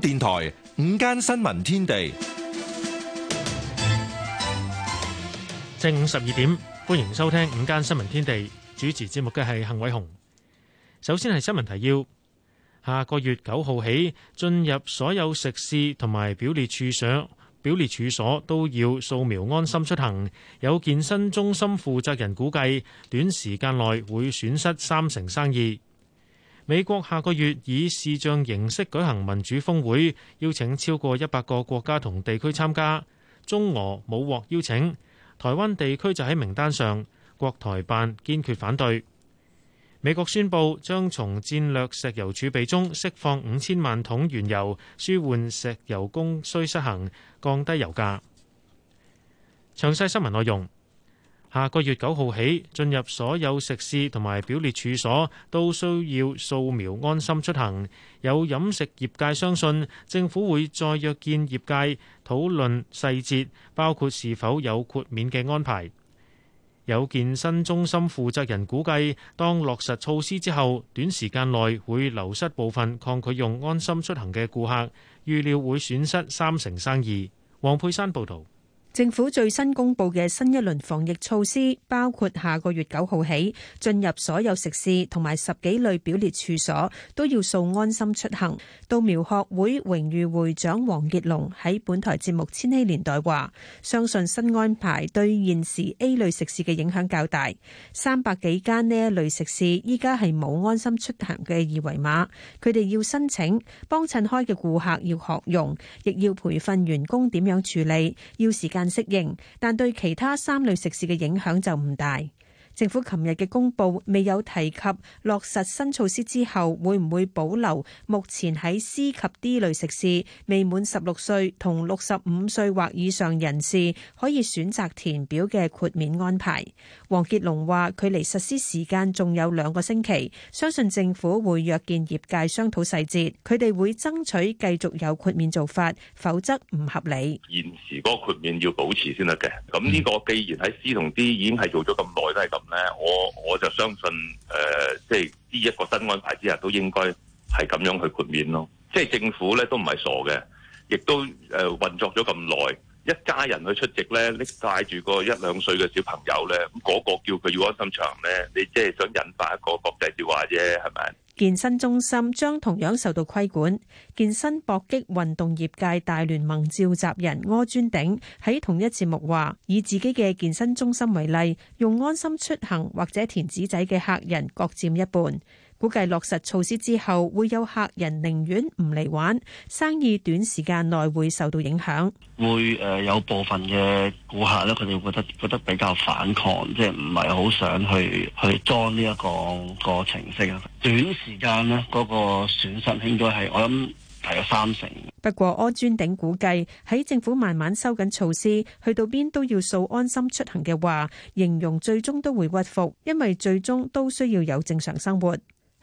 電台午間新聞天地，正午十二點，歡迎收聽午間新聞天地。主持節目嘅係幸偉雄。首先係新聞提要：下個月九號起，進入所有食肆同埋表列處所，表列處所都要掃描安心出行。有健身中心負責人估計，短時間內會損失三成生意。美國下個月以視像形式舉行民主峰會，邀請超過一百個國家同地區參加，中俄冇獲邀請，台灣地區就喺名單上，國台辦堅決反對。美國宣布將從戰略石油儲備中釋放五千萬桶原油，舒緩石油供需失衡，降低油價。詳細新聞內容。下個月九號起，進入所有食肆同埋表列處所都需要掃描安心出行。有飲食業界相信政府會再約見業界討論細節，包括是否有豁免嘅安排。有健身中心負責人估計，當落實措施之後，短時間內會流失部分抗拒用安心出行嘅顧客，預料會損失三成生意。黃佩珊報導。政府最新公布嘅新一輪防疫措施，包括下個月九號起，進入所有食肆同埋十幾類表列處所都要掃安心出行。到苗學會榮譽會長黃傑龍喺本台節目《千禧年代》話：相信新安排對現時 A 類食肆嘅影響較大。三百幾間呢一類食肆依家係冇安心出行嘅二維碼，佢哋要申請，幫襯開嘅顧客要學用，亦要培訓員工點樣處理，要時間。適應，但對其他三類食肆嘅影響就唔大。政府琴日嘅公布未有提及落實新措施之後會唔會保留目前喺 C 及 D 類食肆未滿十六歲同六十五歲或以上人士可以選擇填表嘅豁免安排。黃傑龍話：距離實施時間仲有兩個星期，相信政府會約見業界商討細節，佢哋會爭取繼續有豁免做法，否則唔合理。現時嗰個豁免要保持先得嘅，咁呢個既然喺 C 同 D 已經係做咗咁耐都係咁。咧，我我就相信，誒、呃，即係呢一個新安排之日都應該係咁樣去豁免咯。即係政府咧都唔係傻嘅，亦都誒運作咗咁耐，一家人去出席咧，拎帶住個一兩歲嘅小朋友咧，咁、那、嗰、個、個叫佢要安心場咧，你即係想引發一個國際笑話啫，係咪？健身中心將同樣受到規管。健身搏擊運動業界大聯盟召集人柯尊鼎喺同一節目話：以自己嘅健身中心為例，用安心出行或者填紙仔嘅客人各佔一半。估計落實措施之後，會有客人寧願唔嚟玩，生意短時間內會受到影響。會誒有部分嘅顧客咧，佢哋覺得覺得比較反抗，即係唔係好想去去裝呢、這、一個、這個程式啊。短時間呢嗰、那個損失應該係我諗係有三成。不過柯尊鼎估計喺政府慢慢收緊措施，去到邊都要掃安心出行嘅話，形容最終都會屈服，因為最終都需要有正常生活。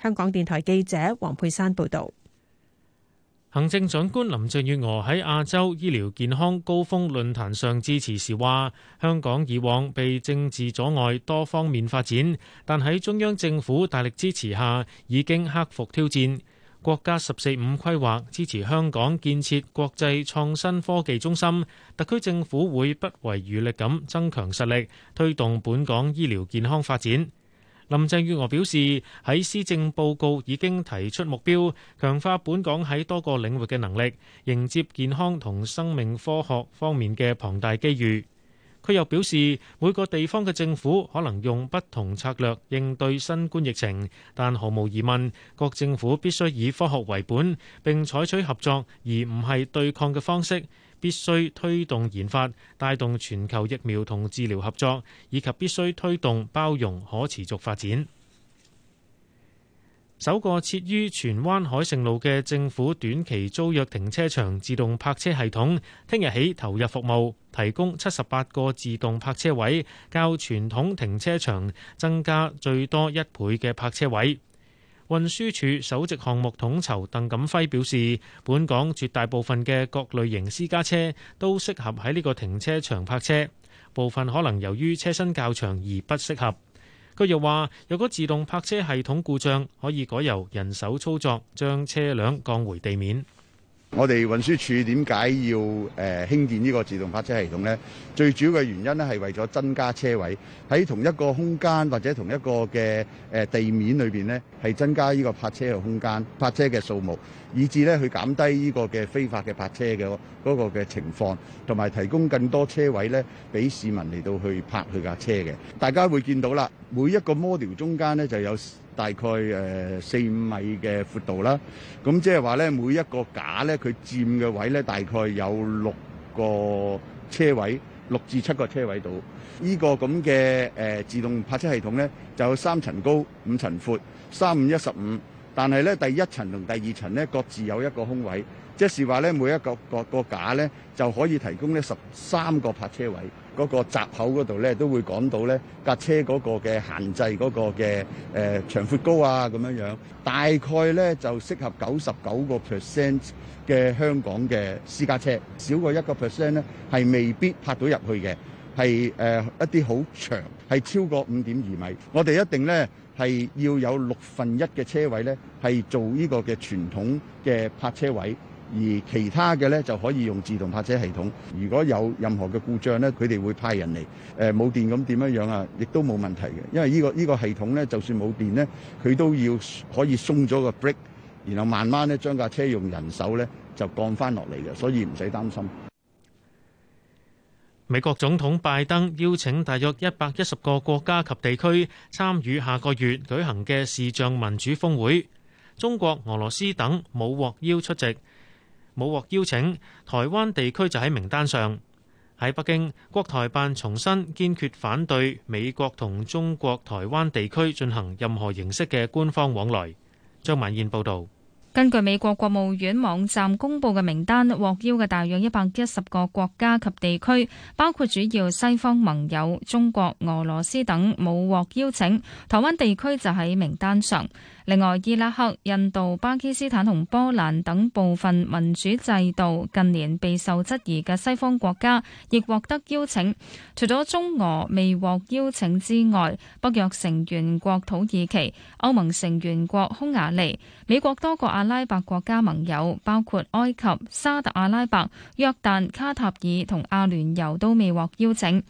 香港電台記者黃佩珊報道，行政長官林鄭月娥喺亞洲醫療健康高峰論壇上致辭時話：香港以往被政治阻礙多方面發展，但喺中央政府大力支持下，已經克服挑戰。國家十四五規劃支持香港建設國際創新科技中心，特區政府會不遺餘力咁增強實力，推動本港醫療健康發展。林鄭月娥表示，喺施政報告已經提出目標，強化本港喺多個領域嘅能力，迎接健康同生命科學方面嘅龐大機遇。佢又表示，每個地方嘅政府可能用不同策略應對新冠疫情，但毫無疑問，各政府必須以科學為本，並採取合作，而唔係對抗嘅方式。必須推動研發，帶動全球疫苗同治療合作，以及必須推動包容可持續發展。首個設於荃灣海盛路嘅政府短期租約停車場自動泊車系統，聽日起投入服務，提供七十八個自動泊車位，較傳統停車場增加最多一倍嘅泊車位。運輸署首席項目統籌鄧錦輝表示，本港絕大部分嘅各類型私家車都適合喺呢個停車場泊車，部分可能由於車身較長而不適合。佢又話，如果自動泊車系統故障，可以改由人手操作，將車輛降回地面。我哋運輸署點解要誒興建呢個自動泊車系統呢？最主要嘅原因呢係為咗增加車位，喺同一個空間或者同一個嘅誒地面裏邊呢，係增加呢個泊車嘅空間、泊車嘅數目，以至呢去減低呢個嘅非法嘅泊車嘅嗰個嘅情況，同埋提供更多車位呢，俾市民嚟到去泊佢架車嘅。大家會見到啦，每一個 model 中間呢就有。大概誒四五米嘅闊度啦，咁即係話咧每一個架咧佢佔嘅位咧大概有六個車位，六至七個車位度。呢、這個咁嘅誒自動泊車系統咧就有三層高、五層闊三五一十五，但係咧第一層同第二層咧各自有一個空位，即、就是話咧每一個個個架咧就可以提供咧十三個泊車位。嗰個閘口嗰度咧，都會講到咧架車嗰個嘅限制，嗰個嘅誒長闊高啊咁樣樣，大概咧就適合九十九個 percent 嘅香港嘅私家車，少過一個 percent 咧，係未必泊到入去嘅，係誒、呃、一啲好長，係超過五點二米，我哋一定咧，係要有六分一嘅車位咧，係做呢個嘅傳統嘅泊車位。而其他嘅咧就可以用自動泊車系統。如果有任何嘅故障咧，佢哋會派人嚟。誒冇電咁點樣樣啊？亦都冇問題嘅，因為呢個呢個系統咧，就算冇電咧，佢都要可以鬆咗個 break，然後慢慢咧將架車用人手咧就降翻落嚟嘅，所以唔使擔心。美國總統拜登邀請大約一百一十個國家及地區參與下個月舉行嘅視像民主峰會，中國、俄羅斯等冇獲邀出席。冇獲邀請，台灣地區就喺名單上。喺北京，國台辦重申堅決反對美國同中國台灣地區進行任何形式嘅官方往來。張曼燕報導。根據美國國務院網站公布嘅名單，獲邀嘅大約一百一十個國家及地區，包括主要西方盟友、中國、俄羅斯等，冇獲邀請。台灣地區就喺名單上。另外，伊拉克、印度、巴基斯坦同波蘭等部分民主制度近年備受質疑嘅西方國家，亦獲得邀請，除咗中俄未獲邀請之外，北約成員國土耳其、歐盟成員國匈牙利、美國多個阿拉伯國家盟友，包括埃及、沙特阿拉伯、約旦、卡塔爾同阿聯酋，都未獲邀請。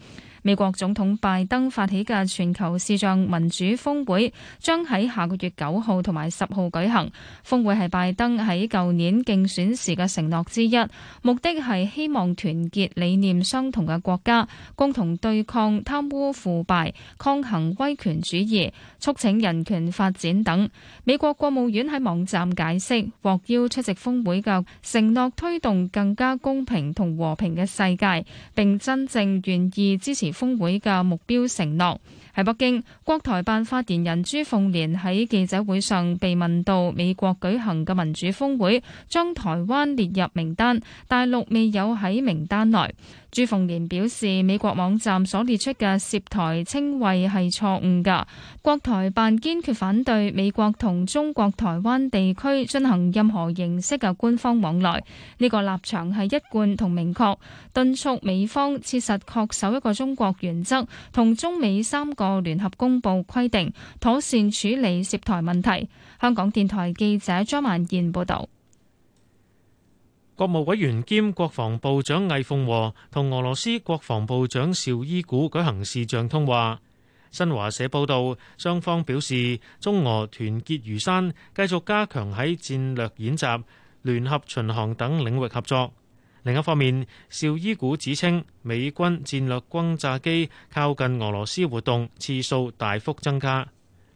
美國總統拜登發起嘅全球視像民主峰會將喺下個月九號同埋十號舉行。峰會係拜登喺舊年競選時嘅承諾之一，目的係希望團結理念相同嘅國家，共同對抗貪污腐敗、抗衡威權主義、促請人權發展等。美國國務院喺網站解釋，獲邀出席峰會嘅承諾推動更加公平同和，和平嘅世界，並真正願意支持。峰會嘅目標承諾。喺北京，國台辦發言人朱鳳蓮喺記者會上被問到美國舉行嘅民主峰會將台灣列入名單，大陸未有喺名單內。朱鳳蓮表示，美國網站所列出嘅涉台稱謂係錯誤㗎。國台辦堅決反對美國同中國台灣地區進行任何形式嘅官方往來，呢個立場係一貫同明確，敦促美方切實恪守一個中國原則，同中美三個個聯合公布規定，妥善處理涉台問題。香港電台記者張曼賢報道，國務委員兼國防部長魏鳳和同俄羅斯國防部長邵伊古舉行視像通話。新華社報道，雙方表示中俄團結如山，繼續加強喺戰略演習、聯合巡航等領域合作。另一方面，邵伊古指稱美軍戰略轟炸機靠近俄羅斯活動次數大幅增加。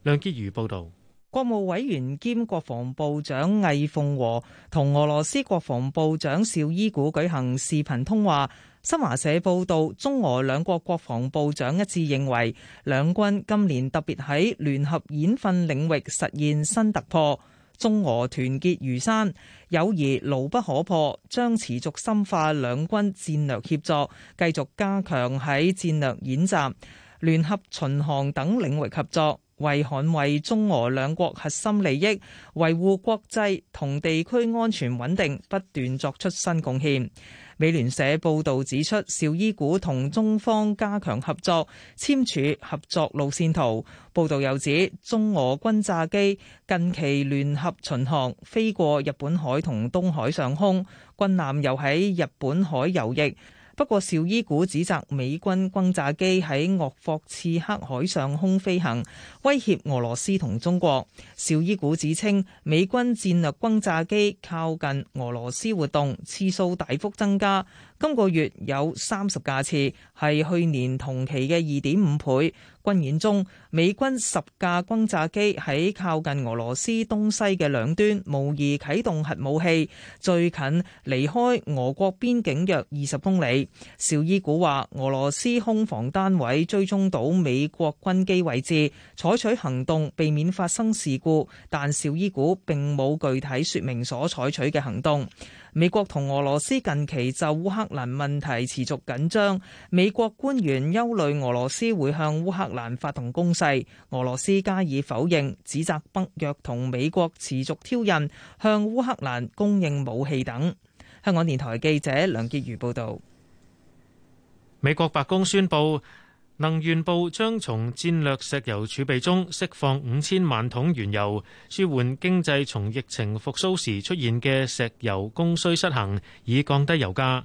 梁潔如報導，國務委員兼國防部長魏鳳和同俄羅斯國防部長邵伊古舉行視頻通話。新華社報導，中俄兩國國防部長一致認為，兩軍今年特別喺聯合演訓領域實現新突破。中俄團結如山，友誼牢不可破，將持續深化兩軍戰略協作，繼續加強喺戰略演習、聯合巡航等領域合作，為捍衛中俄兩國核心利益，維護國際同地區安全穩定不斷作出新貢獻。美聯社報道指出，紹伊古同中方加強合作，簽署合作路線圖。報道又指，中俄轟炸機近期聯合巡航，飛過日本海同東海上空，軍艦又喺日本海游弋。不過，紹伊古指責美軍轟炸機喺鄂霍次克海上空飛行，威脅俄羅斯同中國。紹伊古指稱，美軍戰略轟炸機靠近俄羅斯活動次數大幅增加。今個月有三十架次，係去年同期嘅二點五倍。軍演中，美軍十架轟炸機喺靠近俄羅斯東西嘅兩端，模擬啟動核武器，最近離開俄國邊境約二十公里。邵伊古話：俄羅斯空防單位追蹤到美國軍機位置，採取行動避免發生事故，但邵伊古並冇具體説明所採取嘅行動。美國同俄羅斯近期就烏克蘭問題持續緊張，美國官員憂慮俄羅斯會向烏克蘭發動攻勢，俄羅斯加以否認，指責北約同美國持續挑釁，向烏克蘭供應武器等。香港電台記者梁潔如報道，美國白宮宣布。能源部將從戰略石油儲備中釋放五千萬桶原油，舒緩經濟從疫情復蘇時出現嘅石油供需失衡，以降低油價。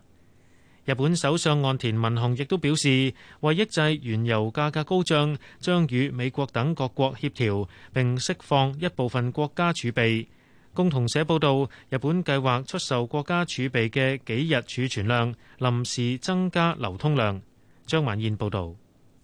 日本首相岸田文雄亦都表示，為抑制原油價格高漲，將與美國等各國協調並釋放一部分國家儲備。共同社報道，日本計劃出售國家儲備嘅幾日儲存量，臨時增加流通量。張曼燕報道。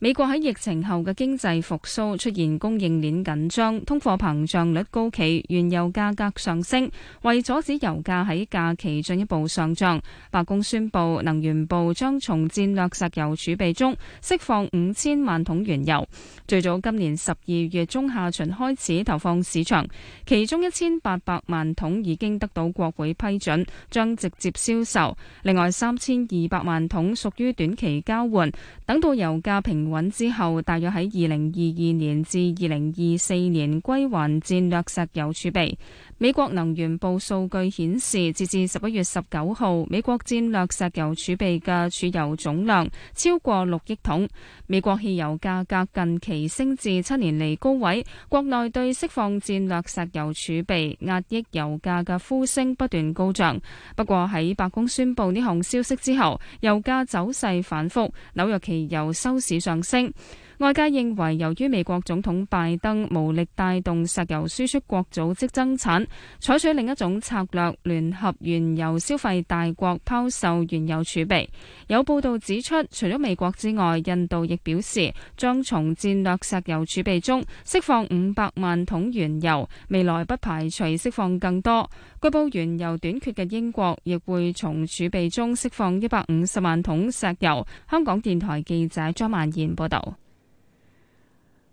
美國喺疫情後嘅經濟復甦出現供應鏈緊張、通貨膨脹率高企、原油價格上升，為阻止油價喺假期進一步上漲，白宮宣布能源部將從戰略石油儲備中釋放五千萬桶原油，最早今年十二月中下旬開始投放市場，其中一千八百萬桶已經得到國會批准，將直接銷售；另外三千二百萬桶屬於短期交換，等到油價平。穩之後，大約喺二零二二年至二零二四年歸還戰略石油儲備。美國能源部數據顯示，截至十一月十九號，美國戰略石油儲備嘅儲油總量超過六億桶。美國汽油價格近期升至七年嚟高位，國內對釋放戰略石油儲備、壓抑油價嘅呼聲不斷高漲。不過喺白宮宣布呢項消息之後，油價走勢反覆，紐約期油收市上升。外界認為，由於美國總統拜登無力帶動石油輸出國組織增產，採取另一種策略，聯合原油消費大國拋售原油儲備。有報導指出，除咗美國之外，印度亦表示將從戰略石油儲備中釋放五百萬桶原油，未來不排除釋放更多。據報原油短缺嘅英國亦會從儲備中釋放一百五十萬桶石油。香港電台記者張曼燕報道。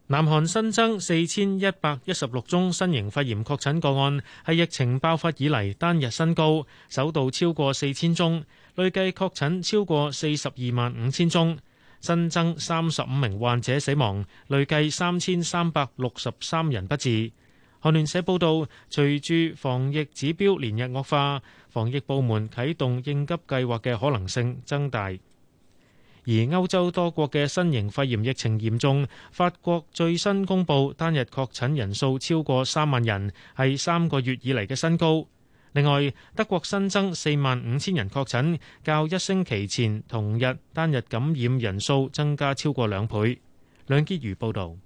南韓新增四千一百一十六宗新型肺炎確診個案，係疫情爆發以嚟單日新高，首度超過四千宗，累計確診超過四十二萬五千宗，新增三十五名患者死亡，累計三千三百六十三人不治。韓聯社報導，隨住防疫指標連日惡化，防疫部門啟動應急計劃嘅可能性增大。而歐洲多國嘅新型肺炎疫情嚴重，法國最新公布單日確診人數超過三萬人，係三個月以嚟嘅新高。另外，德國新增四萬五千人確診，較一星期前同日單日感染人數增加超過兩倍。兩傑如報導，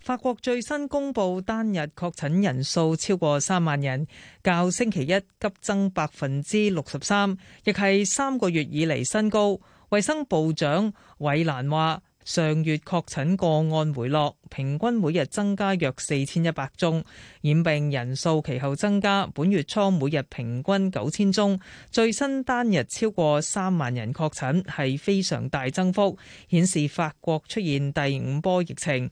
法國最新公布單日確診人數超過三萬人，較星期一急增百分之六十三，亦係三個月以嚟新高。衛生部長韋蘭話：上月確診個案回落，平均每日增加約四千一百宗，染病人數其後增加，本月初每日平均九千宗，最新單日超過三萬人確診，係非常大增幅，顯示法國出現第五波疫情。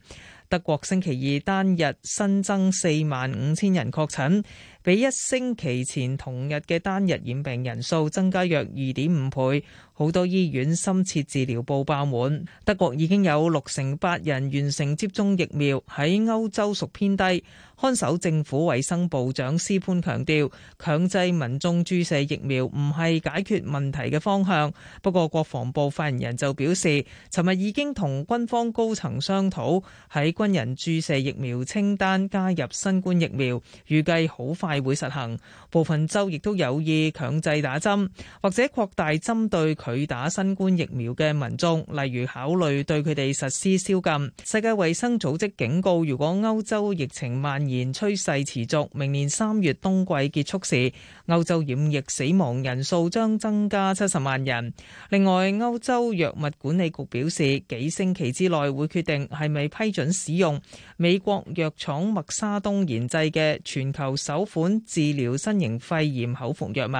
德國星期二單日新增四萬五千人確診。比一星期前同日嘅單日染病人數增加約二點五倍，好多醫院深切治療部爆滿，德國已經有六成八人完成接種疫苗，喺歐洲屬偏低。看守政府衛生部長施潘強調，強制民眾注射疫苗唔係解決問題嘅方向。不過國防部發言人就表示，尋日已經同軍方高層商討，喺軍人注射疫苗清單加入新冠疫苗，預計好快，係會實行，部分州亦都有意強制打針，或者擴大針對拒打新冠疫苗嘅民眾，例如考慮對佢哋實施宵禁。世界衛生組織警告，如果歐洲疫情蔓延趨勢持續，明年三月冬季結束時，歐洲染疫死亡人數將增加七十萬人。另外，歐洲藥物管理局表示，幾星期之內會決定係咪批准使用美國藥廠默沙東研製嘅全球首款。管治療新型肺炎口服藥物。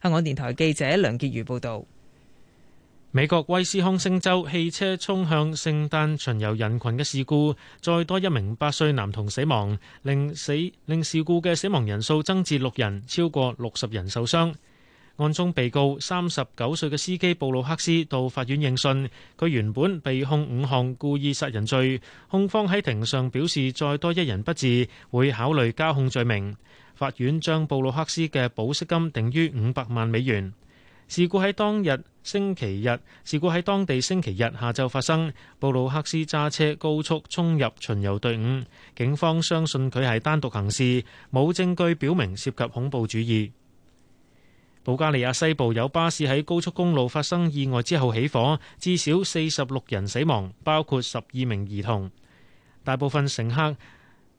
香港電台記者梁潔如報道：美國威斯康星州汽車衝向聖誕巡遊人群嘅事故，再多一名八歲男童死亡，令死令事故嘅死亡人數增至六人，超過六十人受傷。案中被告三十九歲嘅司機布魯克斯到法院應訊，佢原本被控五項故意殺人罪，控方喺庭上表示，再多一人不治，會考慮加控罪名。法院將布魯克斯嘅保釋金定於五百萬美元。事故喺當日星期日，事故喺當地星期日下晝發生。布魯克斯揸車高速衝入巡遊隊伍，警方相信佢係單獨行事，冇證據表明涉及恐怖主義。保加利亞西部有巴士喺高速公路發生意外之後起火，至少四十六人死亡，包括十二名兒童。大部分乘客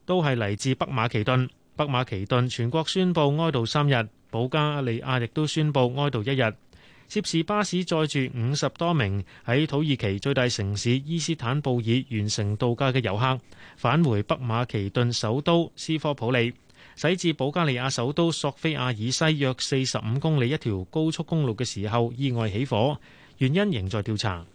都係嚟自北馬其頓。北馬其頓全國宣布哀悼三日，保加利亞亦都宣布哀悼一日。涉事巴士載住五十多名喺土耳其最大城市伊斯坦布爾完成度假嘅遊客，返回北馬其頓首都斯科普利，駛至保加利亞首都索菲亞以西約四十五公里一條高速公路嘅時候意外起火，原因仍在調查。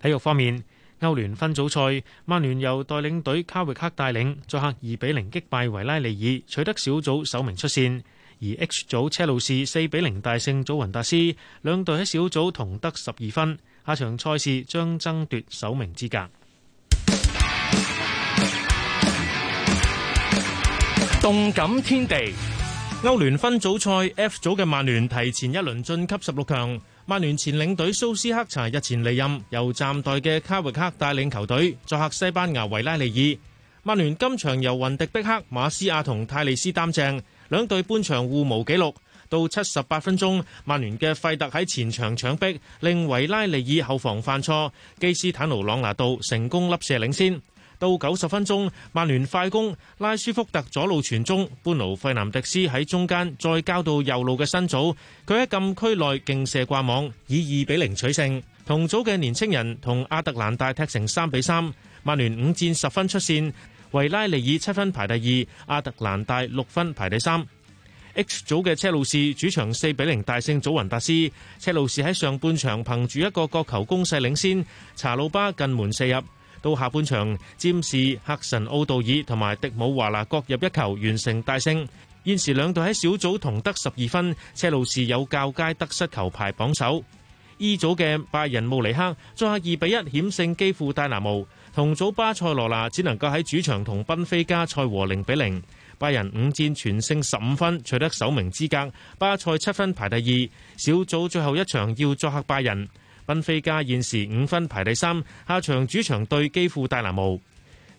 體育方面。歐聯分組賽，曼聯由代領隊卡域克帶領，作客二比零擊敗維拉利爾，取得小組首名出線。而 H 組車路士四比零大勝祖雲達斯，兩隊喺小組同得十二分，下場賽事將爭奪首名資格。動感天地，歐聯分組賽 F 組嘅曼聯提前一輪晉級十六強。曼聯前領隊蘇斯克查日前離任，由暫代嘅卡域克帶領球隊作客西班牙維拉利爾。曼聯今場由雲迪碧克、馬斯亞同泰利斯擔正，兩隊半場互無紀錄。到七十八分鐘，曼聯嘅費特喺前場搶逼，令維拉利爾後防犯錯，基斯坦奴朗拿度成功粒射領先。到九十分鐘，曼聯快攻，拉舒福特左路傳中，般奴費南迪斯喺中間再交到右路嘅辛祖，佢喺禁區內勁射掛網，以二比零取勝。同組嘅年青人同亞特蘭大踢成三比三，曼聯五戰十分出線，維拉利爾七分排第二，亞特蘭大六分排第三。H 組嘅車路士主場四比零大勝祖雲達斯，車路士喺上半場憑住一個角球攻勢領先，查魯巴近門射入。到下半場，占士、克神奧道爾同埋迪姆華拿各入一球，完成大勝。現時兩隊喺小組同得十二分，車路士有較佳得失球排榜首。E 組嘅拜仁慕尼黑作客二比一險勝基輔戴拿慕，同組巴塞羅那只能夠喺主場同賓菲加賽和零比零。拜仁五戰全勝十五分，取得首名資格。巴塞七分排第二。小組最後一場要作客拜仁。賓菲加現時五分排第三，下場主場對基輔戴拿模。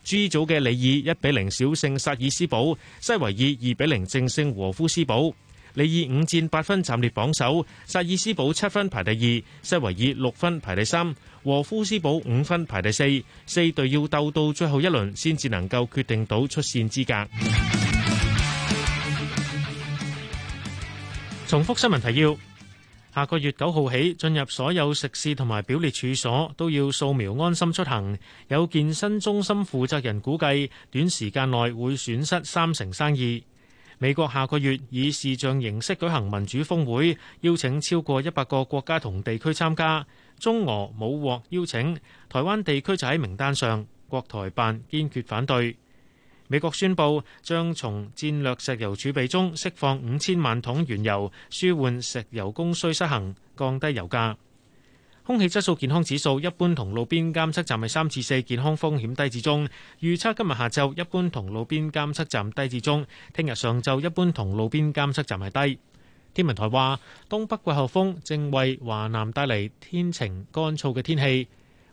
G 組嘅里爾一比零小勝薩爾斯堡，西維爾二比零正勝和夫斯堡。里爾五戰八分暫列榜首，薩爾斯堡七分排第二，西維爾六分排第三，和夫斯堡五分排第四。四隊要鬥到最後一輪，先至能夠決定到出線資格。重複新聞提要。下個月九號起，進入所有食肆同埋表列處所都要掃描安心出行。有健身中心負責人估計，短時間內會損失三成生意。美國下個月以視像形式舉行民主峰會，邀請超過一百個國家同地區參加，中俄冇獲邀請，台灣地區就喺名單上，國台辦堅決反對。美國宣布將從戰略石油儲備中釋放五千萬桶原油，舒緩石油供需失衡，降低油價。空氣質素健康指數一般同路邊監測站係三至四，健康風險低至中。預測今日下晝一般同路邊監測站低至中，聽日上晝一般同路邊監測站係低。天文台話，東北季候風正為華南帶嚟天晴乾燥嘅天氣。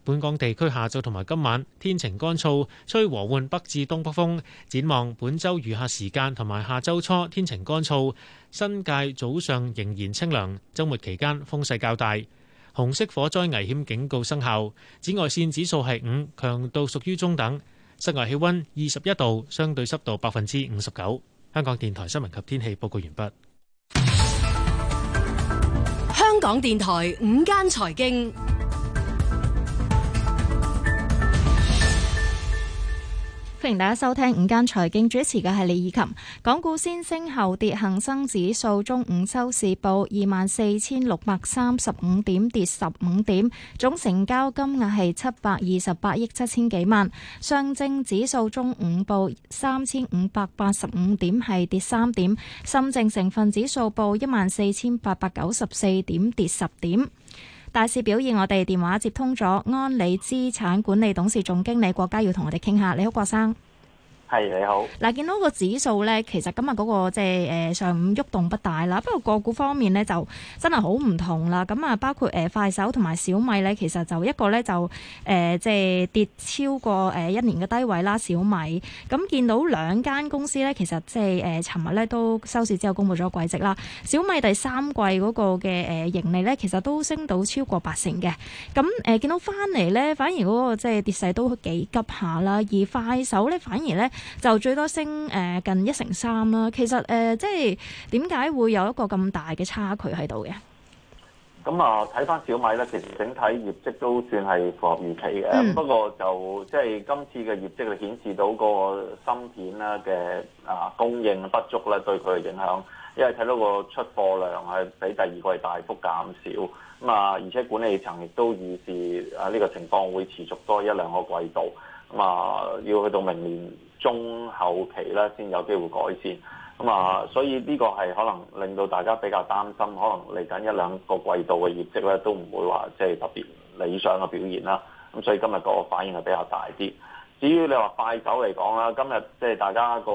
本港地區下晝同埋今晚天晴乾燥，吹和緩北至東北風。展望本周餘下時間同埋下周初天晴乾燥，新界早上仍然清涼。周末期間風勢較大。紅色火災危險警告生效，紫外線指數係五，強度屬於中等。室外氣溫二十一度，相對濕度百分之五十九。香港電台新聞及天氣報告完畢。香港電台午間財經。歡迎大家收聽午間財經主持嘅係李以琴。港股先升後跌，恒生指數中午收市報二萬四千六百三十五點，跌十五點，總成交金額係七百二十八億七千幾萬。上證指數中午報三千五百八十五點，係跌三點。深證成分指數報一萬四千八百九十四點，跌十點。大市表現我們，我哋電話接通咗安理資產管理董事總經理郭家耀同我哋傾下。你好，郭生。係你好。嗱，見到個指數咧，其實今日嗰個即係誒上午喐動不大啦。不過個股方面咧，就真係好唔同啦。咁啊，包括誒快手同埋小米咧，其實就一個咧就誒即係跌超過誒一年嘅低位啦。小米咁見到兩間公司咧，其實即係誒尋日咧都收市之後公布咗季績啦。小米第三季嗰個嘅誒盈利咧，其實都升到超過八成嘅。咁誒見到翻嚟咧，反而嗰個即係跌勢都幾急下啦。而快手咧，反而咧，就最多升誒、呃、近一成三啦。其實誒、呃，即係點解會有一個咁大嘅差距喺度嘅？咁啊，睇翻小米咧，其實整體業績都算係符合預期嘅。嗯、不過就即係今次嘅業績，就顯示到個芯片啦嘅啊供應不足咧，對佢嘅影響。因為睇到個出貨量係比第二季大幅減少。咁啊，而且管理層亦都預示啊呢個情況會持續多一兩個季度。咁啊，要去到明年，中後期啦，先有機會改善。咁啊，所以呢個係可能令到大家比較擔心，可能嚟緊一兩個季度嘅業績咧都唔會話即係特別理想嘅表現啦。咁、啊、所以今日個反應係比較大啲。至於你話快手嚟講啦，今日即係大家個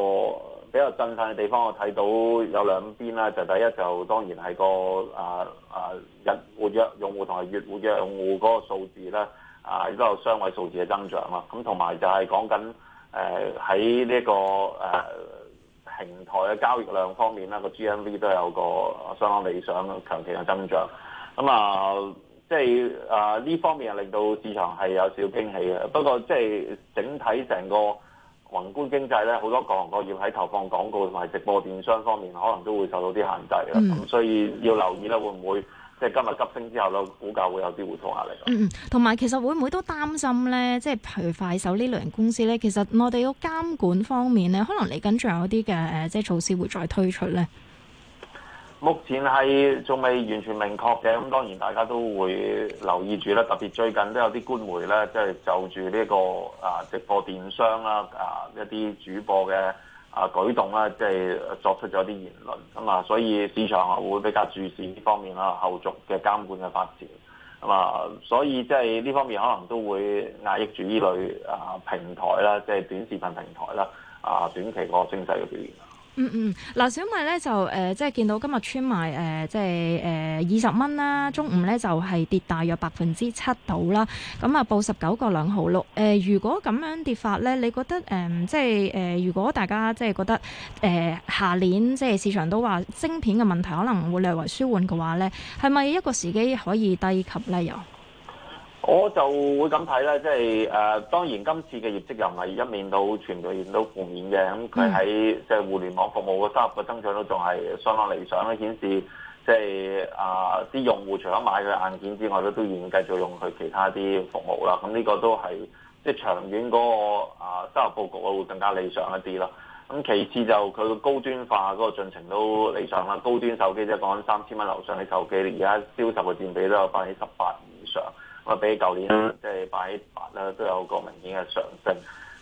比較振奮嘅地方，我睇到有兩邊啦，就第一就當然係個啊啊日活躍用戶同埋月活躍用戶嗰個數字咧啊，亦都有雙位數字嘅增長啦。咁同埋就係講緊。誒喺呢個誒、呃、平台嘅交易量方面啦，個 GMV 都有個相當理想強勁嘅增長。咁、嗯、啊、呃，即係啊呢方面係令到市場係有少驚喜嘅。不過即係整體成個宏觀經濟咧，好多各行各業喺投放廣告同埋直播電商方面，可能都會受到啲限制啦。咁所以要留意咧，會唔會？即係今日急升之後咧，股價會有啲回吐壓力。嗯嗯，同埋其實會唔會都擔心咧？即係譬如快手呢類型公司咧，其實我哋個監管方面咧，可能嚟緊仲有啲嘅誒，即係措施會再推出咧。目前係仲未完全明確嘅，咁當然大家都會留意住啦。特別最近都有啲官媒咧，即係就住呢個啊直播電商啦啊一啲主播嘅。啊舉動啦，即係作出咗啲言論，咁啊，所以市場啊會比較注視呢方面啦、啊，後續嘅監管嘅發展，咁啊，所以即係呢方面可能都會壓抑住呢類啊平台啦，即係短視頻平台啦，啊短期個升勢嘅表現。嗯嗯，嗱、嗯，小米咧就誒、呃，即係見到今日穿埋誒，即係誒二十蚊啦。中午咧就係、是、跌大約百分之七到啦。咁啊，報十九個兩毫六。誒，如果咁樣跌法咧，你覺得誒、呃，即係誒、呃，如果大家即係覺得誒，下、呃、年即係市場都話晶片嘅問題可能會略為舒緩嘅話咧，係咪一個時機可以低吸咧？又、呃？我就會咁睇啦。即係誒當然今次嘅業績又唔係一面倒全部都負面嘅。咁佢喺即係互聯網服務嘅收入嘅增長都仲係相當理想嘅，顯示即係啊啲用戶除咗買佢硬件之外，都都仍然繼續用佢其他啲服務啦。咁呢個都係即係長遠嗰個啊收入佈局會更加理想一啲啦。咁其次就佢嘅高端化嗰個進程都理想啦。高端手機即係講緊三千蚊樓上嘅手機，而家銷售嘅佔比都有百分之十八以上。我比舊年即係八一八都有個明顯嘅上升。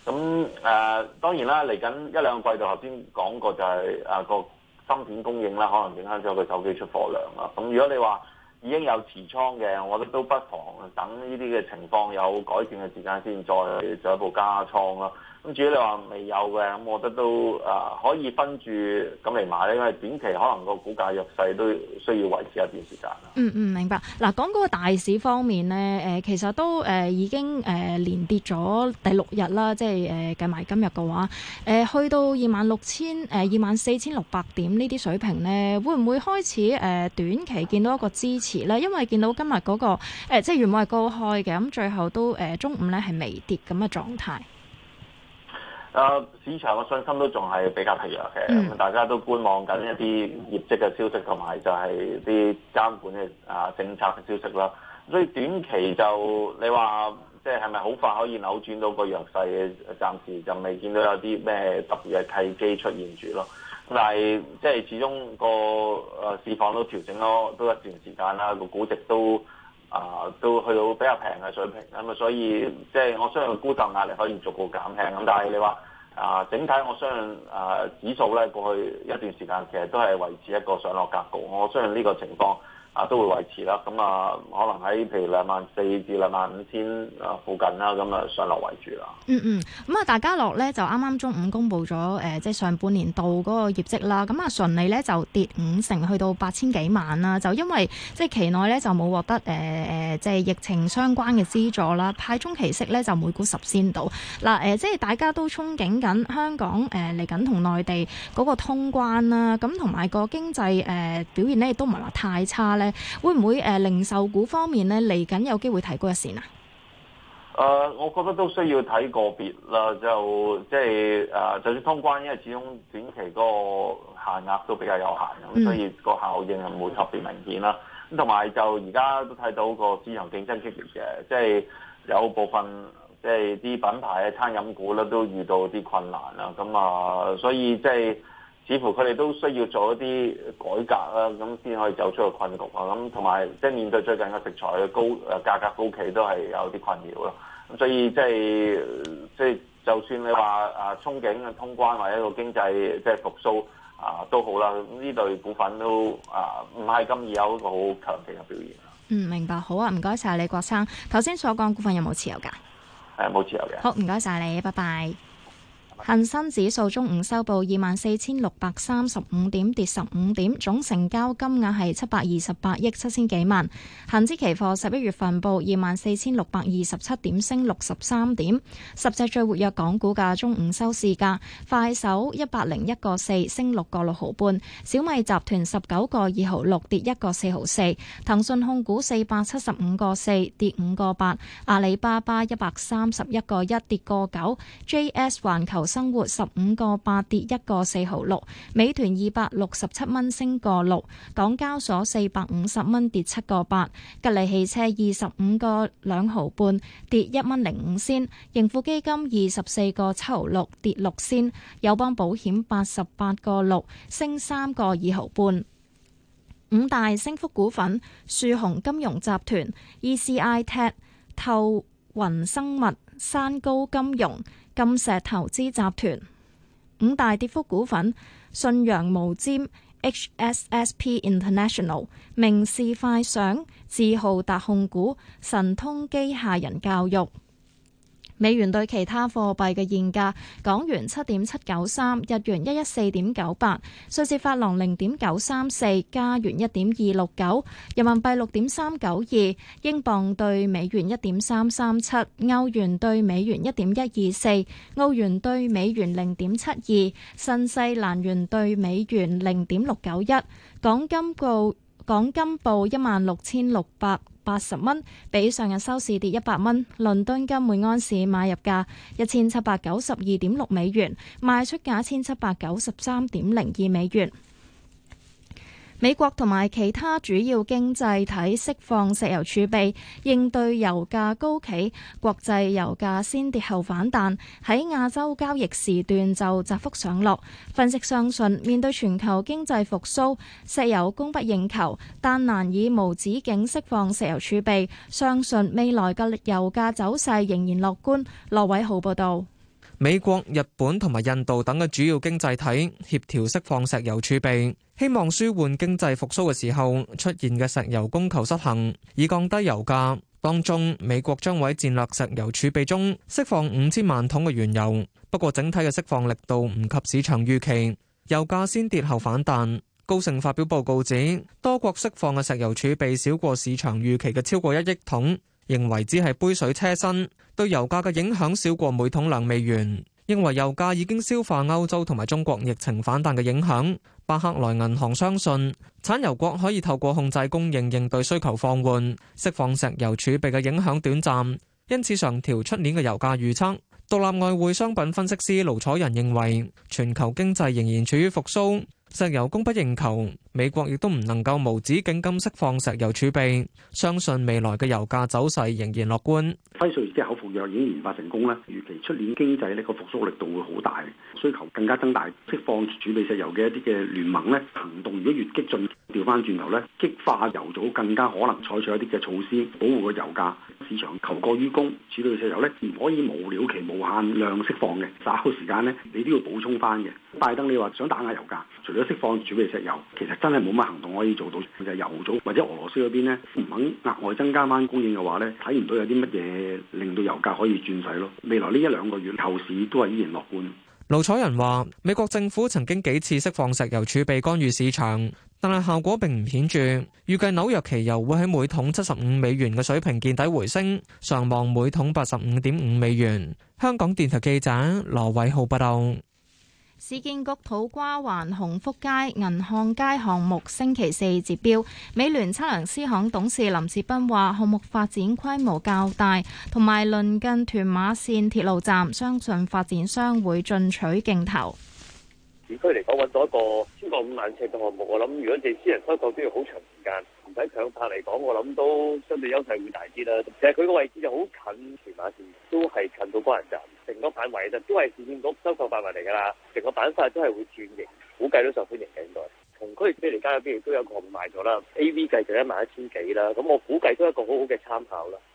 咁誒、呃、當然啦，嚟緊一兩個季度，頭先講過就係、是、啊個芯片供應啦，可能影響咗個手機出貨量啦。咁如果你話已經有持倉嘅，我覺得都不妨等呢啲嘅情況有改善嘅時間先，再進一步加倉啦。咁至於你話未有嘅，咁我覺得都啊、呃、可以分住咁嚟買咧，因為短期可能個股價弱勢都需要維持一段時間啦。嗯嗯，明白。嗱、啊，講嗰個大市方面咧，誒其實都誒、呃、已經誒、呃、連跌咗第六日啦，即係誒、呃、計埋今日嘅話，誒、呃、去到二萬六千誒二萬四千六百點呢啲水平咧，會唔會開始誒、呃、短期見到一個支持咧？因為見到今日嗰、那個、呃、即係原本係高開嘅，咁最後都誒、呃、中午咧係微跌咁嘅狀態。啊，市場嘅信心都仲係比較疲弱嘅，咁大家都觀望緊一啲業績嘅消息，同埋就係啲監管嘅啊政策嘅消息啦。所以短期就你話，即係係咪好快可以扭轉到個弱勢嘅？暫時就未見到有啲咩特別嘅契機出現住咯。但係即係始終個啊市況都調整咗都一段時間啦，那個估值都。啊，都去到比較平嘅水平，咁啊，所以即係、就是、我相信沽滯壓力可以逐步減輕。咁但係你話啊，整體我相信啊指數咧，過去一段時間其實都係維持一個上落格局，我相信呢個情況都會維持啦，咁啊，可能喺譬如兩萬四至兩萬五千啊附近啦，咁啊上落為主啦。嗯嗯，咁啊，大家樂咧就啱啱中午公布咗誒、呃，即係上半年度嗰個業績啦。咁啊，純利咧就跌五成，去到八千幾萬啦。就因為即係期內咧就冇獲得誒誒、呃，即係疫情相關嘅資助啦。派中期息咧就每股十仙到。嗱誒，即係大家都憧憬緊香港誒嚟緊同內地嗰個通關啦，咁同埋個經濟誒表現咧亦都唔係話太差咧。呢會唔會誒，零售股方面咧嚟緊有機會提高一線啊？誒、呃，我覺得都需要睇個別啦，就即係誒、呃，就算通關，因為始終短期嗰個限額都比較有限，咁、嗯、所以個效應係唔會特別明顯啦。咁同埋就而家都睇到個市場競爭激烈嘅，即係有部分即係啲品牌嘅餐飲股咧都遇到啲困難啦，咁啊、呃，所以即係。似乎佢哋都需要做一啲改革啦，咁先可以走出個困局啊！咁同埋即係面對最近嘅食材嘅高誒、啊、價格高企，都係有啲困擾咯。咁所以即係即係，就算你話啊憧憬啊通關或者一個經濟即係復甦啊都好啦，呢類股份都啊唔係咁易有一個好強勁嘅表現。嗯，明白。好啊，唔該晒。李國生頭先所講股份有冇持有㗎？係、啊、冇持有嘅。好，唔該晒。你，拜拜。恒生指數中午收報二萬四千六百三十五點，跌十五點，總成交金額係七百二十八億七千幾萬。恒指期貨十一月份報二萬四千六百二十七點，升六十三點。十隻最活躍港股嘅中午收市價：快手一百零一個四，升六個六毫半；小米集團十九個二毫六，跌一個四毫四；騰訊控股四百七十五個四，跌五個八；阿里巴巴一百三十一個一，跌個九；JS 環球生活十五個八，跌一個四毫六，美團二百六十七蚊，升個六，港交所四百五十蚊，跌七個八，吉利汽車二十五個兩毫半，跌一蚊零五仙，盈富基金二十四個七毫六，跌六仙，友邦保險八十八個六，升三個二毫半，五大升幅股份：樹熊金融集團、E C I T、透雲生物、山高金融。金石投資集團，五大跌幅股份，信陽毛尖、HSSP International、名仕快想、智浩達控股、神通機械人教育。美元對其他貨幣嘅現價：港元七點七九三，日元一一四點九八，瑞士法郎零點九三四，加元一點二六九，人民幣六點三九二，英鎊對美元一點三三七，歐元對美元一點一二四，澳元對美元零點七二，新西蘭元對美元零點六九一，港金報，港金報一萬六千六百八十蚊，比上日收市跌一百蚊。倫敦金每安士買入價一千七百九十二點六美元，賣出價一千七百九十三點零二美元。美國同埋其他主要經濟體釋放石油儲備，應對油價高企，國際油價先跌後反彈。喺亞洲交易時段就窄幅上落。分析相信，面對全球經濟復甦，石油供不應求，但難以無止境釋放石油儲備。相信未來嘅油價走勢仍然樂觀。羅偉浩報道。美國、日本同埋印度等嘅主要經濟體協調釋放石油儲備，希望舒緩經濟復甦嘅時候出現嘅石油供求失衡，以降低油價。當中美國將會喺戰略石油儲備中釋放五千萬桶嘅原油，不過整體嘅釋放力度唔及市場預期，油價先跌後反彈。高盛發表報告指，多國釋放嘅石油儲備少過市場預期嘅超過一億桶。認為只係杯水車薪，對油價嘅影響少過每桶兩美元。認為油價已經消化歐洲同埋中國疫情反彈嘅影響。巴克萊銀行相信，產油國可以透過控制供應應對需求放緩，釋放石油儲備嘅影響短暫。因此上調出年嘅油價預測。獨立外匯商品分析師盧楚仁認為，全球經濟仍然處於復甦。石油供不應求，美國亦都唔能夠無止境咁釋放石油儲備，相信未來嘅油價走勢仍然樂觀。輝瑞嘅口服藥已經研發成功啦，預期出年經濟呢個復甦力度會好大。需求更加增大，釋放儲備石油嘅一啲嘅聯盟咧行動，如果越激進調翻轉頭咧激化，油組更加可能採取一啲嘅措施保護個油價市場，求過於供，儲備石油咧唔可以無了期、無限量釋放嘅，稍後時間咧你都要補充翻嘅。拜登你話想打壓油價，除咗釋放儲備石油，其實真係冇乜行動可以做到。就係、是、油組或者俄羅斯嗰邊咧唔肯額外增加翻供應嘅話咧，睇唔到有啲乜嘢令到油價可以轉勢咯。未來呢一兩個月，後市都係依然樂觀。盧彩仁話：美國政府曾經幾次釋放石油儲備干預市場，但係效果並唔顯著。預計紐約期油會喺每桶七十五美元嘅水平見底回升，上望每桶八十五點五美元。香港電台記者羅偉浩報道。市建局土瓜灣鴻福街銀漢街項目星期四截標，美聯測量師行董事林志斌話：項目發展規模較大，同埋鄰近屯馬綫鐵路站，相信發展商會進取競投。喺強拍嚟講，我諗都相對優勢會大啲啦。其實佢個位置就好近屯馬線，都係近到關人站。成個範圍就都係市政局收購範圍嚟㗎啦。成個板塊都係會轉型，估計都受歡迎嘅。應該同區非利嘉嗰邊亦都有個賣咗啦。A V 計就一萬一千幾啦。咁我估計都係一個好好嘅參考啦。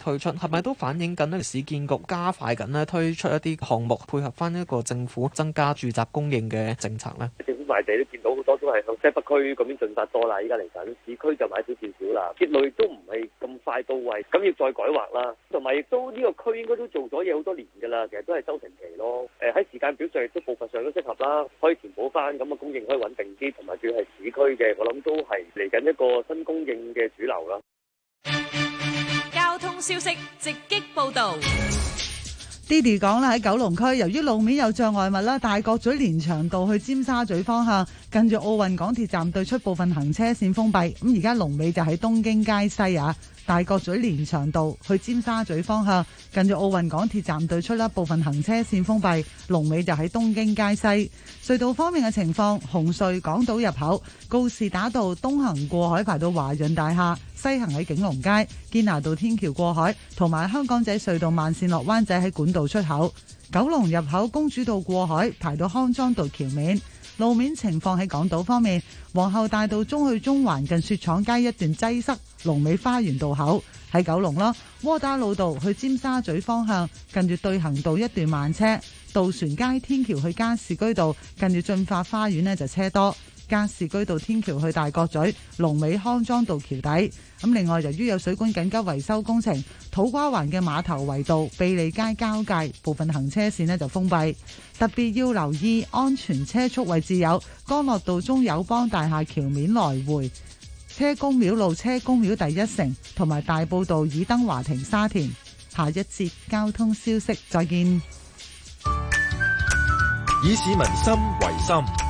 推出係咪都反映緊咧？市建局加快緊咧推出一啲項目，配合翻一個政府增加住宅供應嘅政策呢？政府賣地都見到好多都係向西北區嗰邊進發多啦，依家嚟緊市區就買少見少啦。結累都唔係咁快到位，咁要再改劃啦。同埋亦都呢、呢個區應該都做咗嘢好多年㗎啦，其實都係收成期咯。誒、呃、喺時間表上亦都步伐上都適合啦，可以填補翻咁嘅供應，可以穩定啲，同埋主要係市區嘅，我諗都係嚟緊一個新供應嘅主流啦。通消息直擊報道，Diddy 講啦喺九龍區，由於路面有障礙物啦，大角咀連翔道去尖沙咀方向，近住奧運港鐵站對出部分行車線封閉。咁而家龍尾就喺東京街西啊。大角咀連翔道去尖沙咀方向，近住奧運港鐵站對出啦，部分行車線封閉。龍尾就喺東京街西。隧道方面嘅情況，紅隧港島入口告士打道東行過海排到華潤大廈，西行喺景隆街堅拿道天橋過海，同埋香港仔隧道慢線落灣仔喺管道出口，九龍入口公主道過海排到康莊道橋面。路面情況喺港島方面，皇后大道中去中環近雪廠街一段擠塞，龍尾花園道口喺九龍咯；窩打老道去尖沙咀方向，近住對行道一段慢車；渡船街天橋去加士居道，近住進化花園呢就車多。加士居道天橋去大角咀、龍尾康莊道橋底。咁另外，由於有水管緊急維修工程，土瓜灣嘅馬頭圍道、庇利街交界部分行車線咧就封閉。特別要留意安全車速位置有：江樂道中友邦大廈橋面來回、車公廟路、車公廟第一城同埋大埔道爾登華庭沙田。下一節交通消息，再見。以市民心為心。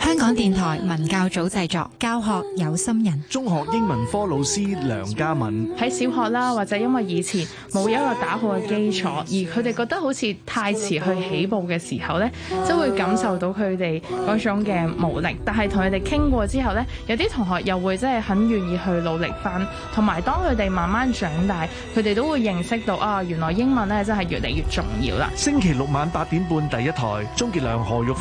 香港電台文教組製作，教學有心人。中學英文科老師梁嘉敏，喺小學啦，或者因為以前冇一個打好嘅基礎， 而佢哋覺得好似太遲去起步嘅時候咧，就會感受到佢哋種嘅無力。但係同佢哋傾過之後咧，有啲同學又會真係很願意去努力翻。同埋當佢哋慢慢長大，佢哋都會認識到啊，原來英文咧真係越嚟越重要啦。星期六晚八點半，第一台鍾杰良何玉。